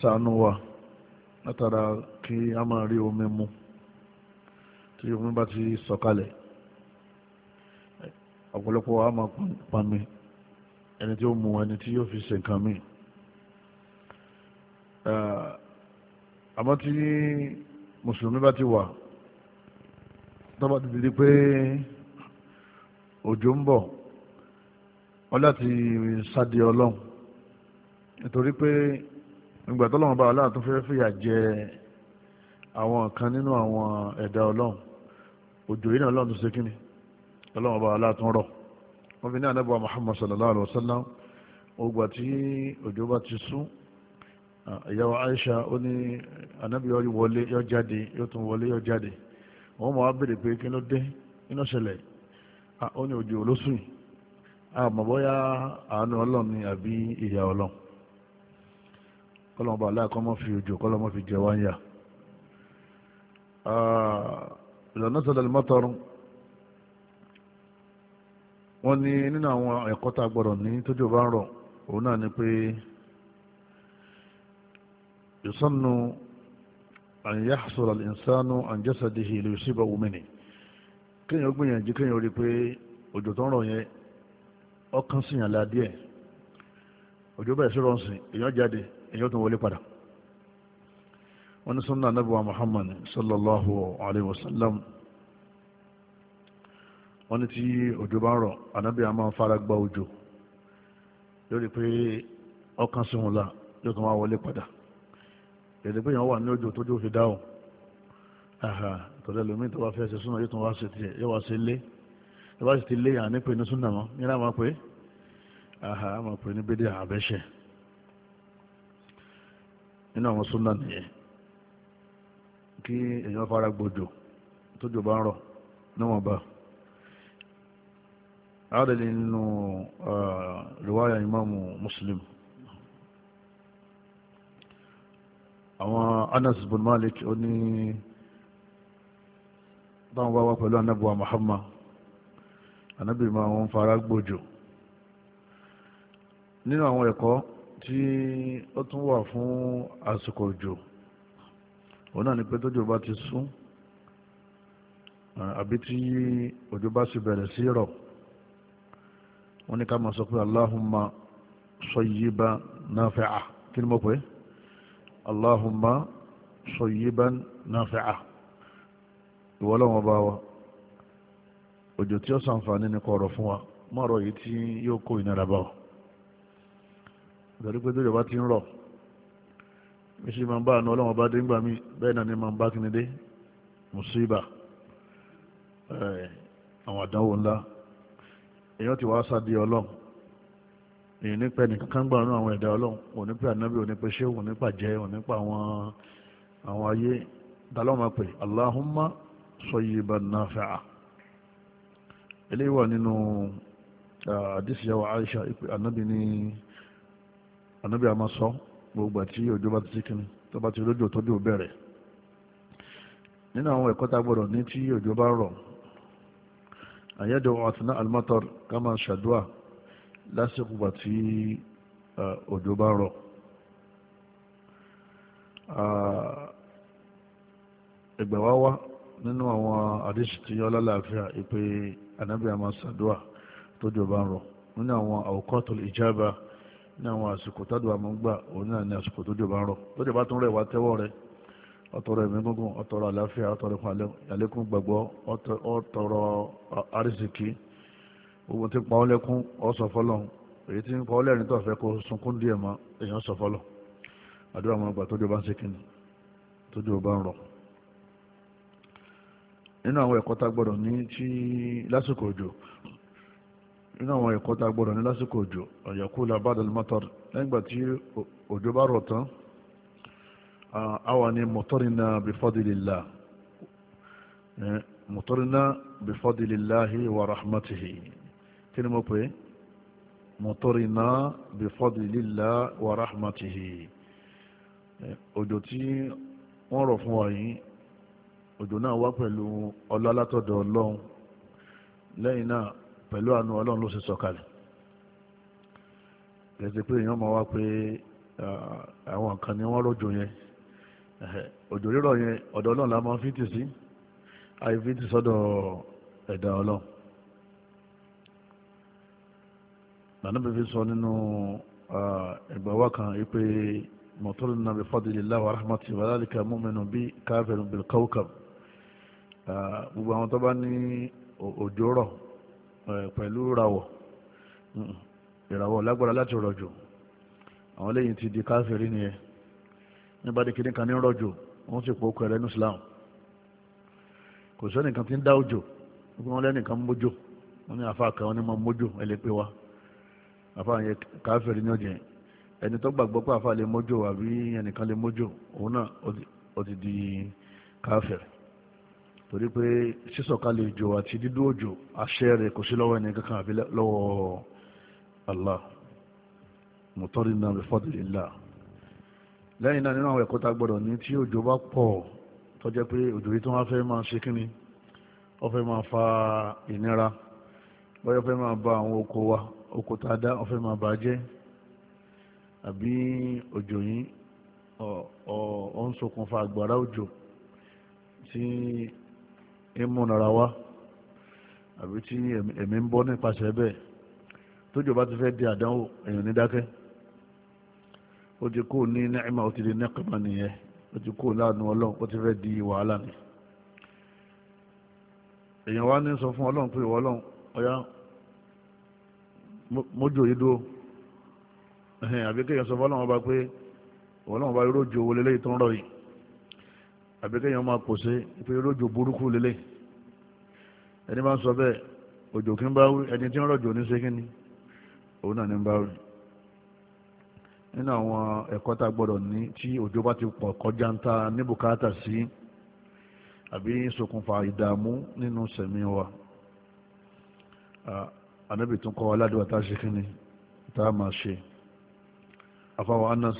ṣàánú wa látara kí a máa rí omi mu tí omi bá ti sọ̀kalẹ̀ ọ̀pọ̀lọpọ̀ a máa pami ẹni tí ó mu ẹni tí yóò fi ṣe nǹkan míì àmọ́ tí mùsùlùmí bá ti wà tọ́ba ti di pé òjò ń bọ̀ wọ́n láti sáde ọlọ́run nítorí pé nígbà tó lọ́wọ́ bá aláà tó fẹ́ fìyà jẹ àwọn kan nínú àwọn ẹ̀dá ọlọ́run òjò yìí náà ọlọ́run tó ṣe kíni ọlọ́run bá aláà rọ̀ wọ́n fi ní ànábọ̀ Muhammad sallallahu alayhi wa sallam ogbà tí òjò bá ti sún ìyàwó Aisha ó ní ànábì yọ wọlé yọ jáde yóò tún wọlé yọ jáde wọ́n mọ̀ á béèrè pé kí ló dé iná ṣẹlẹ̀ ó ní òjò olóṣù yìí àánú ọlọ́run ni àbí ìyà ọlọ́run kọ́lọ́mọ bá aláàkọ́ mọ́ fi òjò kọ́lọ́mọ fi jẹ wáyà ìlànà ah, sọ̀dọ̀ mọ́tọ́rún wọ́n ní nínú àwọn ẹ̀kọ́ tá a gbọ́dọ̀ ní tójú bá ń rọ̀ òun náà ni pé ìsọ́nù àyàsọ̀rọ̀ ìsánú àjẹsàdìhì ìlú ìṣíbọ̀ òmìnir kéèyàn gbìyànjú kéèyàn rí i pé òjò tó ń rọ̀ yẹn ọkàn sì yàn ládìẹ́ òjò bẹ́ẹ̀ sí rọ́ọ̀sìn èèyàn jáde èèyàn tó wọlé padà wọ́n ní muhammad sallallahu alayhi wa sallam wọ́n ní tí òjò bá ń rọ̀ ànábì a máa ń fara gba òjò lórí la yóò tó máa wọlé padà èdè pé èèyàn wà ní tójú fi dáhùn lómi tó bá fẹ́ ṣe yóò tó wá ṣe tiẹ̀ yóò wá ṣe lé aha a máa pè ní bídíà àbẹ́ṣẹ̀ nínú àwọn súnà nìyẹn kí èèyàn fara gbòjò tójò bá ń rọ̀ níwọ̀n bá àádẹ́lẹ̀ nínú rìwáyà ìmáàmù Muslim àwọn Anas bin Malik ó ní táwọn bá wá pẹ̀lú anábùwà Muhammad anábì máa ń fara gbòjò nínú àwọn ẹ̀kọ́ tí ó tún wà fún àsìkò òjò òun náà ni pé tójò bá ti sún àbí tí òjò bá sì bẹ̀rẹ̀ sí rọ̀ wọ́n ní ká máa sọ pé Allahumma sayyiban nafi'a kí ni mo pè é Allahumma sayyiban nafi'a ìwọ́lọ́wọ́n bá wa òjò tí ó ṣàǹfààní ni kọ̀ọ̀rọ̀ fún wa má yìí tí yóò kó ìnira bá wa ìdàrí pé tójọba ti ń rọ̀ bí ṣe máa ń bá àánú ọlọ́wọ́n bá dé ńgbà mí bẹ́ẹ̀ náà ni máa ń bá kíni dé mùsíbà àwọn àdánwò ńlá èèyàn ti wá sáde ọlọ́run èèyàn nípa ẹnìkan kan gbà nínú àwọn ẹ̀dá ọlọ́run òní pé ànábì òní pé ṣéwù òní pàjẹ́ òní pa àwọn àwọn ayé dalọ́mà pé Allahumma sayyiban nafi'a eléyìí wà nínú ah, àdìsíyàwó Aisha ìpè ànábì ní ànábì àmọ́ sọ gbogbo àti òjò bá ti sí kíni tó bá ti lójò tó dé ò bẹ̀rẹ̀ nínú àwọn ẹ̀kọ́ tá a ní tí òjò bá rọ̀ àyẹ́dọ̀ àtúná almatar kama máa ṣàdúà lásìkò gbà tí òjò bá rọ̀ ẹgbẹ̀ wá wá nínú àwọn àdéṣì tí yọ́ lálàáfíà ìpè ànábì àmọ́ ṣàdúà tójò bá ń rọ̀ nínú àwọn àwòkọ́tò ìjábà ní àwọn àsìkò tádùn àmọ́ gbà òun náà ní àsìkò tó jọba rọ tó jọba tún rẹ̀ wá tẹ́wọ́ rẹ̀ ọ̀tọ̀rọ̀ ẹ̀mí gúngùn ọ̀tọ̀rọ̀ àlàáfíà ọ̀tọ̀rọ̀ ìpàlẹ́kùn gbàgbọ́ ọ̀tọ̀rọ̀ àrísìkí ogun tí pa ọ́ lẹ́kún ọ́ sọ fọ́lọ́ èyí tí ń pa ọ́ lẹ́rìn tó fẹ́ kó sunkún díẹ̀ mọ́ èèyàn sọ fọ́lọ́ àdúrà máa gbà tó jọba ń ṣe kíni tó jọba ń rọ. nínú àwọn ẹ̀kọ́ tá gbọ́dọ̀ ní tí lásìkò òjò nínú àwọn ẹ̀kọ́ tá a gbọ́dọ̀ ní lásìkò òjò ọ̀yọ̀kú labadal matar lẹ́gbà tí òjò bá rọ̀ tán àwa ni mọ̀tọ́rìnà bifadilillah mọ̀tọ́rìnà bifadilillahi wa rahmatihi kí ni mo pè mọ̀tọ́rìnà bifadilillah wa rahmatihi òjò tí wọ́n rọ̀ fún wa yìí òjò náà wá pẹ̀lú ọlá ọlọ́run lẹ́yìn náà pẹ̀lú àánú ọlọ́run ló ṣe sọ̀kalẹ̀ kẹsì pé èèyàn máa wá pé àwọn nǹkan ni wọ́n rọ̀jò yẹn òjò rírọ̀ yẹn ọ̀dọ̀ ọlọ́run la máa fi tì sí àyè fi tì sọ́dọ̀ ẹ̀dá ọlọ́run lànà bíbí sọ nínú ìgbà wa kan pé mọ̀tọ́lù nàbí fadlillahi wa rahmatihi wa dhalika mu'minun bí kafirun bil gbogbo àwọn tó bá ní òjò rọ̀ pẹ̀lú rawọ̀ ìràwọ̀ lágbára láti rọ̀jò àwọn lẹ́yìn ti di káfíìrì nìyẹn nígbà tí kìnnìkan ní rọ̀jò wọ́n sì pọ̀ kẹrẹ́ ní Islam kò sẹ́nìkan ti ń dá òjò wọ́n lẹ́nìkan mójò wọ́n ní àfa kan wọ́n ní máa mójò ẹlẹ́pẹ́ wa àfa yẹn káfíìrì ní ọ̀jẹ̀ ẹni tó gbàgbọ́ pé àfa lè mójò àbí ẹnìkan lè mójò òun náà ó ti di káfíìrì torí pé sísọ̀kalẹ̀ òjò àti dídú òjò àṣẹ rẹ̀ kò sí lọ́wọ́ ẹni kankan àbí lọ́wọ́ Allah mọ̀tọ́rìnà bi fadlillah lẹ́yìn náà nínú àwọn ẹ̀kọ́ tá gbọ́dọ̀ ní tí òjò bá pọ̀ tó jẹ́ pé òjò yìí tó wá fẹ́ máa ṣe kíni ó fẹ́ máa fa ìnira bóyá ó fẹ́ máa ba àwọn oko wa oko tá a dá ó fẹ́ máa bà jẹ́ àbí òjò yìí ó ń ṣokùnfà àgbàrá òjò tí ìmúnara wa, àbí tí ẹ̀mí ń bọ́ nípasẹ̀ bẹ́ẹ̀ tójú bá ti fẹ́ di àdánwò èèyàn ní dákẹ́ ti kó ní nẹ́ẹ̀mà ti di nẹ́ẹ̀kọ́mà nìyẹn ó ti kó láàánú ọlọ́run ó ti fẹ́ di wàhálà ni èèyàn wá ní sọ fún ọlọ́run pé ìwọ ọlọ́run ọ̀yá mójú yìí dúró àbí kéèyàn sọ fún ọlọ́run ọba pé ìwọ ọlọ́run ọba àbíkẹ́yìn ọmọ àkòsí pé rójò burúkú lélẹ̀ ẹni bá ń sọ bẹ́ẹ̀ òjò kí ń bá wí ẹni tí ń rọ̀jò ní ṣé kíni òun náà ní ń bá wí nínú àwọn ẹ̀kọ́ tá a gbọ́dọ̀ ní tí òjò bá ti pọ̀ kọjá ń ta ní bùkátà sí àbí ṣokùnfà ìdààmú nínú sẹ̀mí wa anábì tún kọ́ aládùn àtàṣe kíni tá a máa ṣe afáwọn anas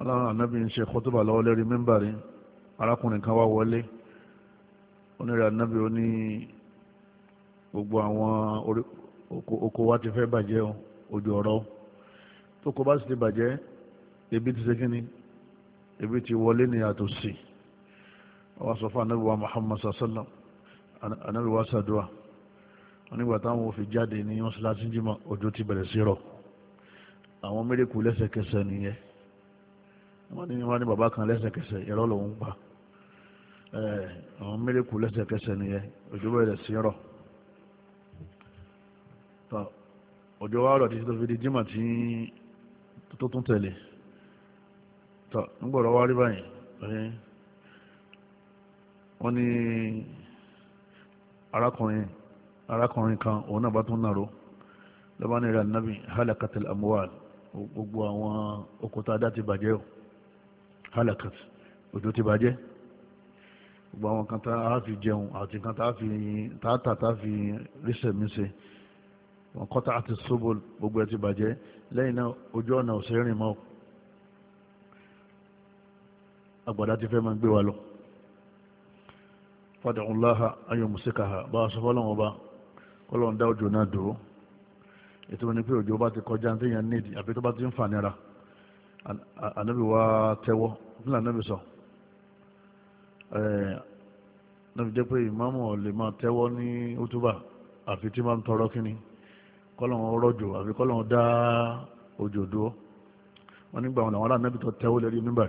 aláwọn anábì ń ṣe kótóbà lọ́wọ́ lẹ́rìí mímbàrín arákùnrin kan wá wọlé onírà nábì ó gbogbo àwọn oko wa ti fẹ́ bàjẹ́ o ojú ọ̀rọ̀ tó kó bá sì ti bàjẹ́ ebi ti ṣe kínni ebi ti wọlé ní àtòsí ọwọ́ sọ fún anábìwá Muhammad sallam anábìwá sàdúrà onígbà táwọn òfin jáde ní mọ́ṣáláṣí jímọ̀ òjò ti bẹ̀rẹ̀ sí rọ̀ àwọn mérekù lẹ́sẹ̀kẹsẹ̀ nìyẹn wọ́n ní wọ́n ní bàbá kan lẹ́sẹ̀kẹsẹ̀ ìrọ́ lòún pa. àwọn mẹ́lẹ́kù lẹ́sẹ̀kẹsẹ̀ nìyẹn òjò bẹ̀rẹ̀ sí rọ̀ òjò wa rọ̀ títí tó fi di jímọ̀ tí tó tún tẹ̀lé tọ́ nígbọ̀rọ̀ wá rí báyìí wọ́n ní arákùnrin arákùnrin kan òun náà bá tún nàró lọ́ba ní ìrìn ànábì halakat al gbogbo àwọn okuta dá ti bàjẹ́ o halakat òjò ti bàjẹ́ o. gbogbo àwọn kan tá a fi jẹun àti kan tá a fi tààtà tá a fi ríṣẹ̀ mi ṣe wọn kọ́ta àti sóbò gbogbo ẹ ti bàjẹ́ lẹ́yìn náà ojú ọ̀nà ọ̀sẹ̀ rìn mọ́ àgbàdá ti fẹ́ máa gbé wa lọ fadàkùnláha ayọ̀ mùsíkàhà bá a sọ fọ́lọ́wọ́n bá kọ́lọ́n dá òjò náà dúró ètò ni pé òjò bá ti kọjá ní téèyàn nídìí àbí tó bá ti ń fà nira ànábì wa tẹ́wọ́ nílànà mi sọ̀rọ̀ náà fi jẹ́ pé ìmáàmù ò lè máa tẹ́wọ́ ní útúbà àfi tí máa ń tọrọ kínní kọ́lọ́hún rọ̀jò àfi kọ́lọ́hún dá òjò dúró wọn nígbà wọn làwọn aláàbí tó tẹ́wọ́ lórí mímbà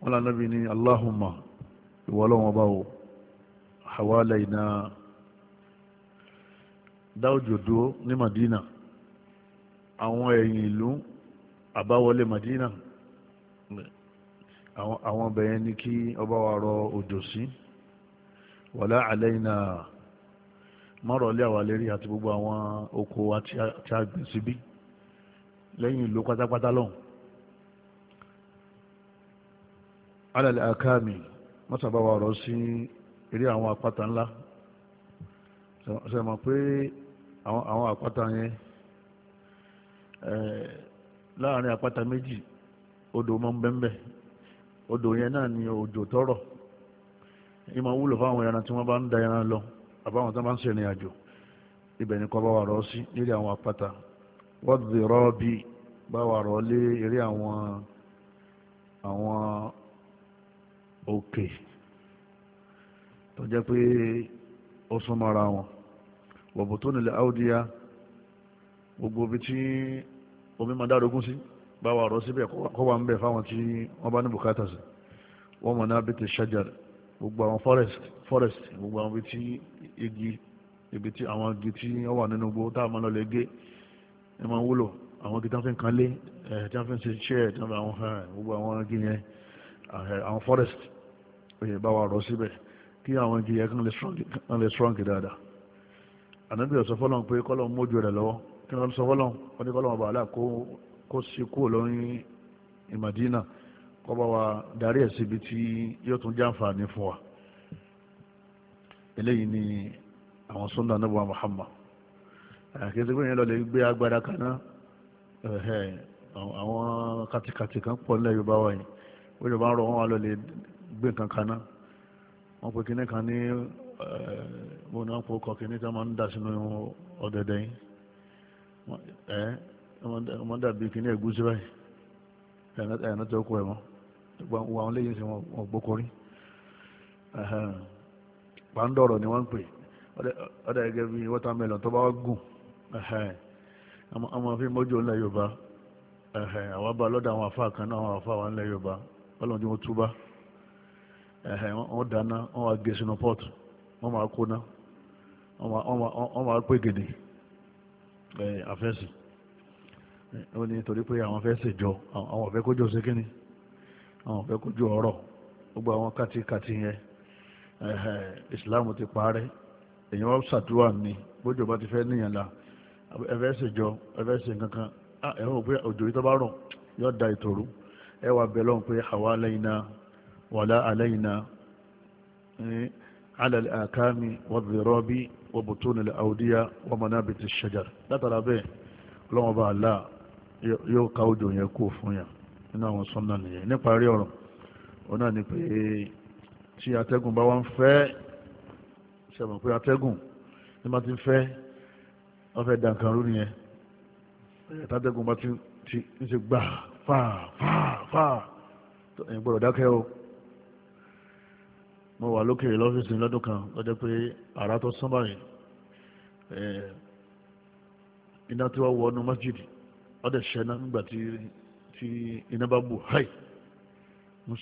wọn lànàbí ní Allahumma ìwọ ọlọ́wọ́n bá wò hawalayna dá òjò dúró ní Madina àwọn ẹ̀yìn ìlú àbáwọlé Madina àwọn ọbẹ̀ yẹn ní kí ọba wa rọ òjò sí wàlá àlẹ́yìnà márọ̀lẹ́ àwà lérí àti gbogbo àwọn oko àti àgbẹ̀ síbí lẹ́yìn ìlú pátápátá lọ́hùn alàlẹ́ àkáàmì mọ́sàbá wa rọ sí eré àwọn àpáta ńlá ṣe pé àwọn àpáta yẹn eh, láàrin àpáta méjì odò mọ́ ń odò yẹn náà ni òjò tọrọ ìmọ̀ wúlò fáwọn ẹran tí wọ́n bá ń da ẹran lọ àbáwọn tó bá ń ṣèrìn àjò ibẹ̀ ni kọ́ bá wà rọ́ sí nílé àwọn àpáta wọ́n ti rọ́ bí bá wà rọ́ lé eré àwọn àwọn òkè tó jẹ́ pé ó súnmọ́ra wọn wọ̀bù tó nílẹ̀ gbogbo ibi omi máa dárógún sí. bá wa rọ̀ síbẹ̀ kó wà ń bẹ̀ fáwọn tí wọ́n bá ní bùkátà sí wọ́n mọ̀ náà bí ti ṣájà gbogbo àwọn forest forest gbogbo àwọn ibi tí igi ibi tí àwọn igi tí wọ́n wà nínú gbogbo tá a máa lọ lè gé ẹ máa wúlò àwọn igi tí wọ́n fi kan lé ẹ tí wọ́n fi ń ṣe chair tí wọ́n fi hàn gbogbo àwọn igi yẹn àwọn forest òye bá wa rọ̀ síbẹ̀ kí àwọn igi yẹn kan lè strong dáadáa ànábìyàn sọ fọlọ́n pé kọ́lọ́n mójú rẹ̀ lọ́wọ́ kí wọ́n sọ fọlọ́n wọ́n ní kọ́lọ́n ọba àlà kó sí kúrò lórí ìmàdínà kó bá wa darí ẹ̀ síbi tí yóò tún jẹ́ fún wa eléyìí ni àwọn sunna Ànábì Muhammad àkẹ́sí pé yẹn lọ lè gbé agbára kaná àwọn katikati kan pọ̀ nílẹ̀ Yorùbá wa yìí wọ́n Yorùbá ń rọ wọn lọ lè gbé nǹkan kaná wọ́n pe kíní kan ní mo náà kó kọ́ kíní tí wọ́n máa ń dà sínú ọ̀dẹ̀dẹ̀ yìí ọmọ dàbí kìíní ẹ̀gúsí báyìí ẹ̀yàn tó kọ ẹ̀ mọ́ àwọn léyìn sí wọn gbókòrí pàǹdọ̀rọ̀ ni wọ́n ń pè ọ̀dà gẹ́gẹ́ tó bá gùn ọmọ fi mọ́jú ńlẹ̀ Yorùbá àwọn abá lọ́dọ̀ àwọn afá kan náà àwọn afá wa ńlẹ̀ Yorùbá ọlọ́run tí wọ́n túbá wọ́n dáná wọ́n wá gé ó ní torí pé àwọn fẹ́ ṣèjọ àwọn ọ̀fẹ́ kójọ ṣe kíni àwọn ọ̀fẹ́ kójọ ọ̀rọ̀ gbogbo àwọn kàtìkàtì yẹn ìsìláàmù ti parẹ́ èyàn wá ṣàdúrà ni bójú ọba ti fẹ́ níyàn la ẹfẹ́ ṣèjọ ẹfẹ́ ṣe kankan ẹ̀hún pé òjò yìí tó bá rọ̀ yóò da ìtòrú ẹ wà bẹ̀ lọ́hùn pé àwa alayna wala alayna ala al-akami wadh-dhirabi wa butun al-awdiya wa manabit ash-shajar látara bẹ́ẹ̀ ọlọ́wọ́n bá a láà yóò ká òjò yẹn kó fún yàn nínú àwọn sọ́nà nìyẹn níparí ọ̀rọ̀ ó náà ni pé tí atẹ́gùn bá wá ń fẹ́ ṣẹ̀mọ̀ pé atẹ́gùn ní bá ti ń fẹ́ wọ́n fẹ́ dànkan rú nìyẹn tàtẹ́gùn bá ti ń ṣe gbà fáà fáà fáà ẹ̀yìn gbọ́dọ̀ dákẹ́ o mo wà lókèrè lọ́fíìsì lọ́dún kan lọ́jọ́ pé àrà tó sán báyìí iná tí wọ́n wọ ọnu masjid ọdẹ ṣẹná nígbà tí tí iná bá bù háì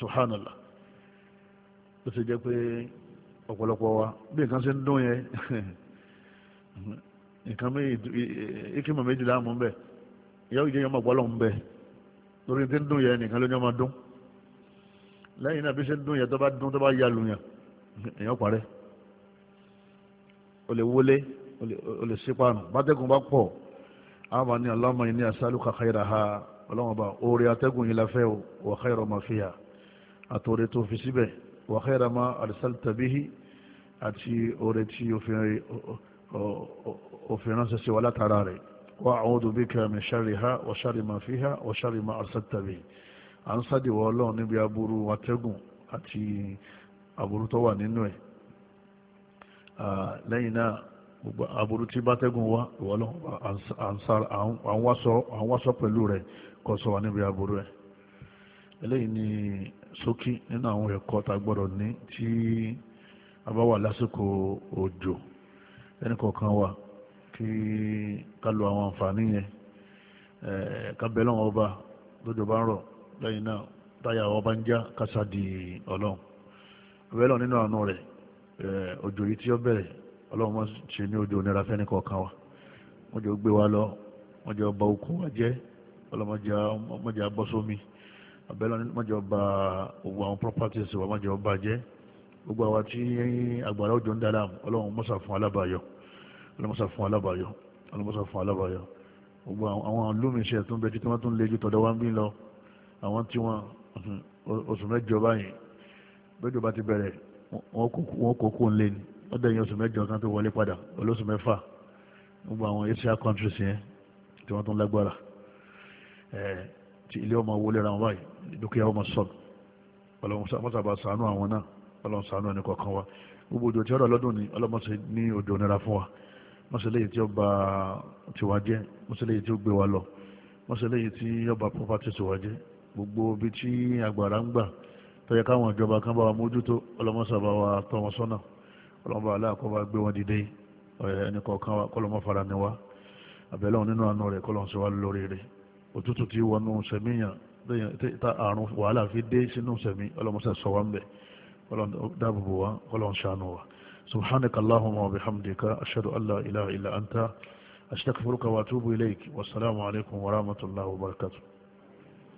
subhanallah ó ti jẹ́ pé ọ̀pọ̀lọpọ̀ wa bí nǹkan ṣe ń dún yẹn nǹkan ìkímọ̀ méjìlá mú bẹ́ẹ̀ ìyá òjò yẹn máa gbọ́ lọ́hùn bẹ́ẹ̀ torí tí ń dún yẹn nìkan ló ní ọmọ dún lẹ́yìn náà bí ṣe ń dún yẹn tó bá dún tó bá yalù yẹn èèyàn parẹ́ o lè wọlé o lè sípàánù bátẹ́gùn bá pọ̀ àmà ní Allahumma inni as'aluka khayraha ọlọ́mọba orí atẹ́gùn yìí láfẹ́ wa khayra ma fiha àtòrè tó fi síbẹ̀ wa khayra ma arsalta bihi àti orí tí òfin ránṣẹ́ sí wa látara rẹ̀ wa a'udhu bika min sharriha wa sharri ma fiha wa sharri ma arsalta bihi à ń sádìwọ̀ ọlọ́run níbi aburú atẹ́gùn àti aburú tó wà nínú ẹ̀ lẹ́yìn náà gbogbo aburú tí bátẹ́gùn wá ìwọ́lọ́ à pẹ̀lú rẹ̀ kó sọ wá níbi aburú ẹ̀ eléyìí ni ṣókí nínú àwọn ẹ̀kọ́ tá gbọ́dọ̀ ní tí a bá wà lásìkò òjò ẹnì kọ̀ọ̀kan wà kí ká lo àwọn àǹfààní yẹn ká bẹ lọ́wọ́ ọba di ọlọ́run nínú àánú rẹ̀ òjò yìí tí ó ọlọ́run mọ́ ṣe ní odò onira fẹ́ni kọ̀ọ̀kan wa wọ́n jọ gbé wa lọ wọ́n jọ ba okun wa jẹ́ ọlọ́mọdé abọ́sómi abẹ́lẹ́ wọ́n jọ ba òwò àwọn properties wa wọ́n jọ ba jẹ́ gbogbo àwa tí agbára òjò ń dára ọlọ́run mọ́sà fún alábàáyọ ọlọ́mọsà fún alábàáyọ ọlọ́mọsà fún alábàáyọ gbogbo àwọn lómìnṣẹ́ tó ń bẹ títí wọ́n tó ń lejú wá ń bí lọ àwọn tí wọ́n oṣù mẹ́jọ báyìí bẹ́jọba ti bẹ̀rẹ̀ wọ́n kókó ń lé ni ọdọ yẹn oṣù mẹ́jọ kan tó wọlé padà olóṣù mẹ́fà gbogbo àwọn asia countries yẹn tí wọ́n tún lágbára tí ilé ọmọ wọlé ra wọn báyìí dúkìá ọmọ sọ̀rọ̀ ọlọ́mọsàbà sànú àwọn náà ọlọ́mọ sànú ẹni kọ̀ọ̀kan wa gbogbo òjò tí ọ̀rọ̀ lọ́dún ni ọlọ́mọsẹ ní òjò nira fún wa mọ́sẹ̀lẹ́yìí tí ó bà tiwa jẹ́ mọ́sẹ̀lẹ́yìí tí ó gbé wa lọ mọ́sẹ̀lẹ́yìí tí ó bà property tiwa jẹ́ gbogbo ibi tí àgbàrá ń gbà tó káwọn ìjọba kan bá wa mójútó ọlọ́mọsàbà wa tọ́ wọn ọlọ́mọba aláàkọ́bá gbé wọn dìde ẹni kọ̀ọ̀kan wa kọ́lọ́mọ fara ni wa àbẹ̀lẹ́ nínú àánú rẹ̀ kọ́lọ́n sọ wá lórí rẹ̀ òtútù tí wọnú sẹ̀míyàn tá àrùn wàhálà fi dé sínú sẹ̀mí ọlọ́mọsẹ̀ sọ wá ń bẹ̀ kọ́lọ́n dáàbòbò wa kọ́lọ́n ṣàánú wa subhanaka allahumma wa bihamdika ashhadu an la ilaha illa anta astaghfiruka wa atubu ilayk wassalamu alaykum wa rahmatullahi wa barakatuh